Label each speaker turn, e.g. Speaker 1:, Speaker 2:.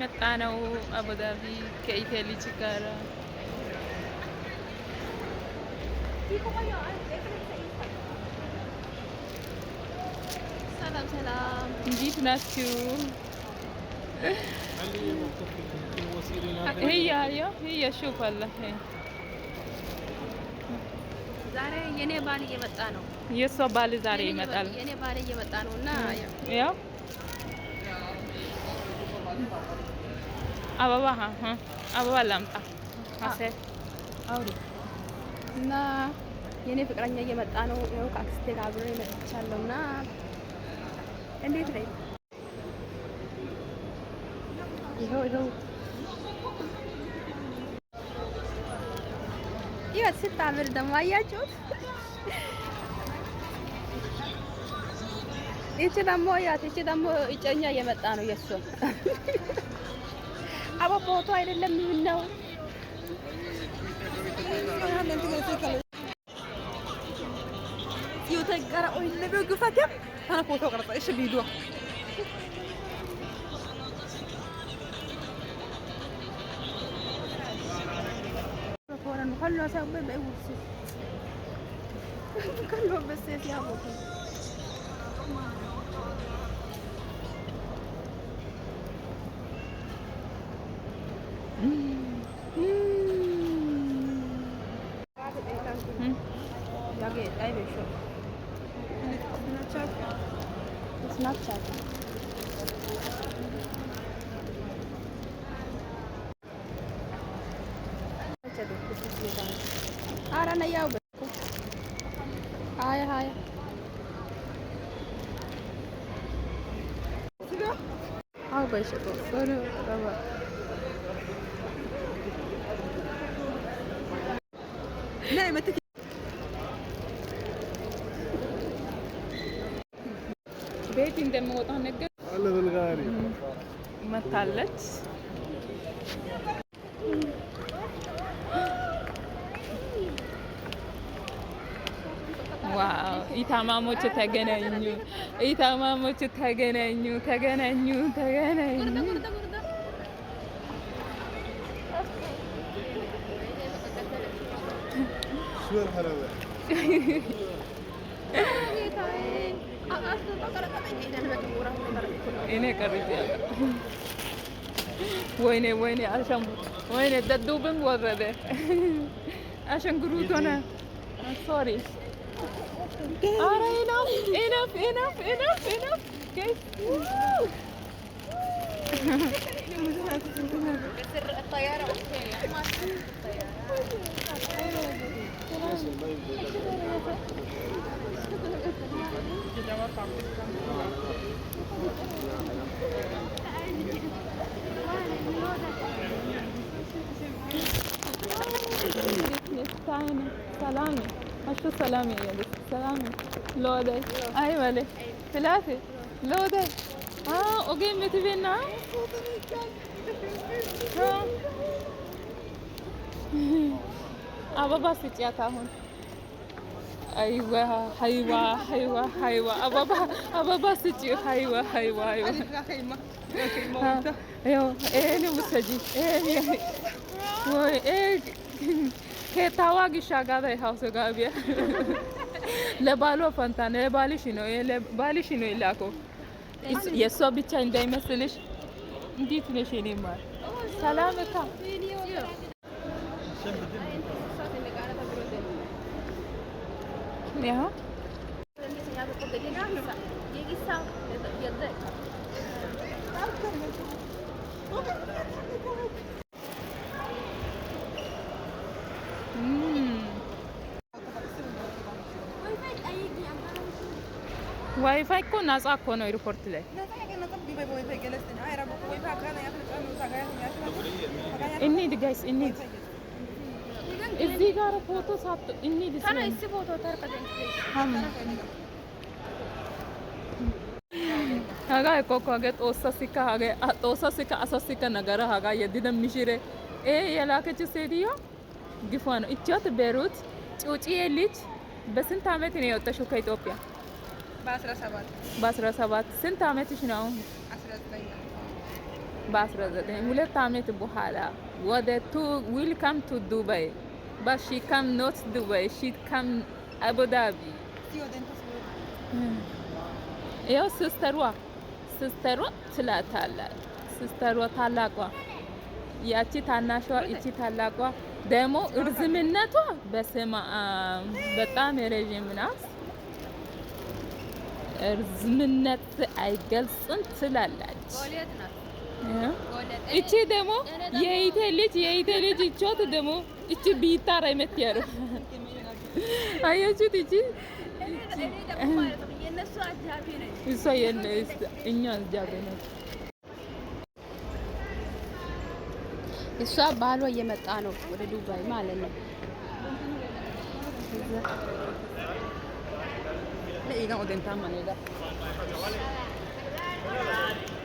Speaker 1: መጣ ነው አቡዳቢ ከኢቴሊ ጋራ
Speaker 2: ሰላም ሰላም፣
Speaker 1: እንዴት ናችሁ? ህያ ህያ ህያ
Speaker 2: ዛሬ የኔ ባል እየመጣ ነው።
Speaker 1: የእሷ ባል ዛሬ ይመጣል።
Speaker 2: የኔ ባል እየመጣ ነው እና
Speaker 1: ያው አበባ አበባ ላምጣ አሴር
Speaker 2: አውሪ እና የኔ ፍቅረኛ እየመጣ ነው። ይኸው ከአክስቴ ጋር አብሬ መጥቻለሁ እና እንዴት ነኝ? ይኸው ይኸው ይኸው ስታምር ደግሞ አያችሁት። ይቺ ደግሞ ያት ይቺ ደግሞ እጨኛ እየመጣ ነው የእሱ አቦ ቦቶ አይደለም ነው It, I will show. And it's not chocolate. It's not chocolate. Άρα να γιάω μπέκο. Άια, άια. Άρα μπέσε το φόρο, ραβά. Ναι, με τέτοια.
Speaker 1: እንደምወጣ ነገር መታለች። ዋው ኢታማሞች ተገናኙ፣ ኢታማሞች ተገናኙ፣ ተገናኙ፣ ተገናኙ። እኔ ቀርጬ አላውቅም። ወይኔ ወይኔ አሸንጉት ወይኔ ደዱብም ወረደ አሸንጉሩት ሆነ። ሶሪ ኧረ ኢናፍ ኢናፍ ኢናፍ ኢናፍ ኢናፍ ኬስ ثاني سلامي مش سلامي يا بس سلامي لودي ايوه لي ثلاثه لودي اه اوكي متى بينا ها ابا بس يا تاهون ايوه حيوه حيوه حيوه ابابا ابابا ستي حيوه حيوه حيوه ايوه ايه مسجي ايه ايه كي تاواغي شاغادا هاوس غابيا ለባሏ ፈንታነ ለባልሽ ነው ለባልሽ ነው የላከው የእሷ ብቻ እንዳይመስልሽ። እንዴት ነሽ? እኔማ ሰላም እኮ його? ዋይፋይ እኮ ነጻ እኮ ነው ኤርፖርት ላይ እንሂድ ጋይስ እንሂድ እዚህ ጋር ፎቶ ሳት እኔ hagaa ekkokko hagee xoossasikka hagee xoossasikka asassikka nagara hagaa yeddida mishire ee yelaakechi ሴትዮ ግፏ ነው። እቺዎት ቤሩት ጩጭዬ ልጅ በስንት አመት ነው የወጣሽው ከኢትዮጵያ? በአስራ ሰባት ስንት አመትሽ ነው? በአስራ ዘጠኝ ሁለት አመት በኋላ ወደ ቱ ዊልካም ቱ ዱባይ but she come not way she come Abu Dhabi። ያው ሲስተሯ ሲስተሯ ትላታላ ሲስተሯ ታላቋ ያቺ ታናሿ እቺ ታላቋ ደግሞ እርዝምነቷ በስማ በጣም የረዥም ናት። እርዝምነት አይገልጽም ትላላች። እቺ ደግሞ የይቴ ልጅ የይቴ ልጅ እቾት ደግሞ እቺ ቢታራ የምትያሩ አያችሁት? እቺ እሷ እኛ
Speaker 2: እሷ ባሏ እየመጣ ነው ወደ ዱባይ ማለት
Speaker 1: ነው።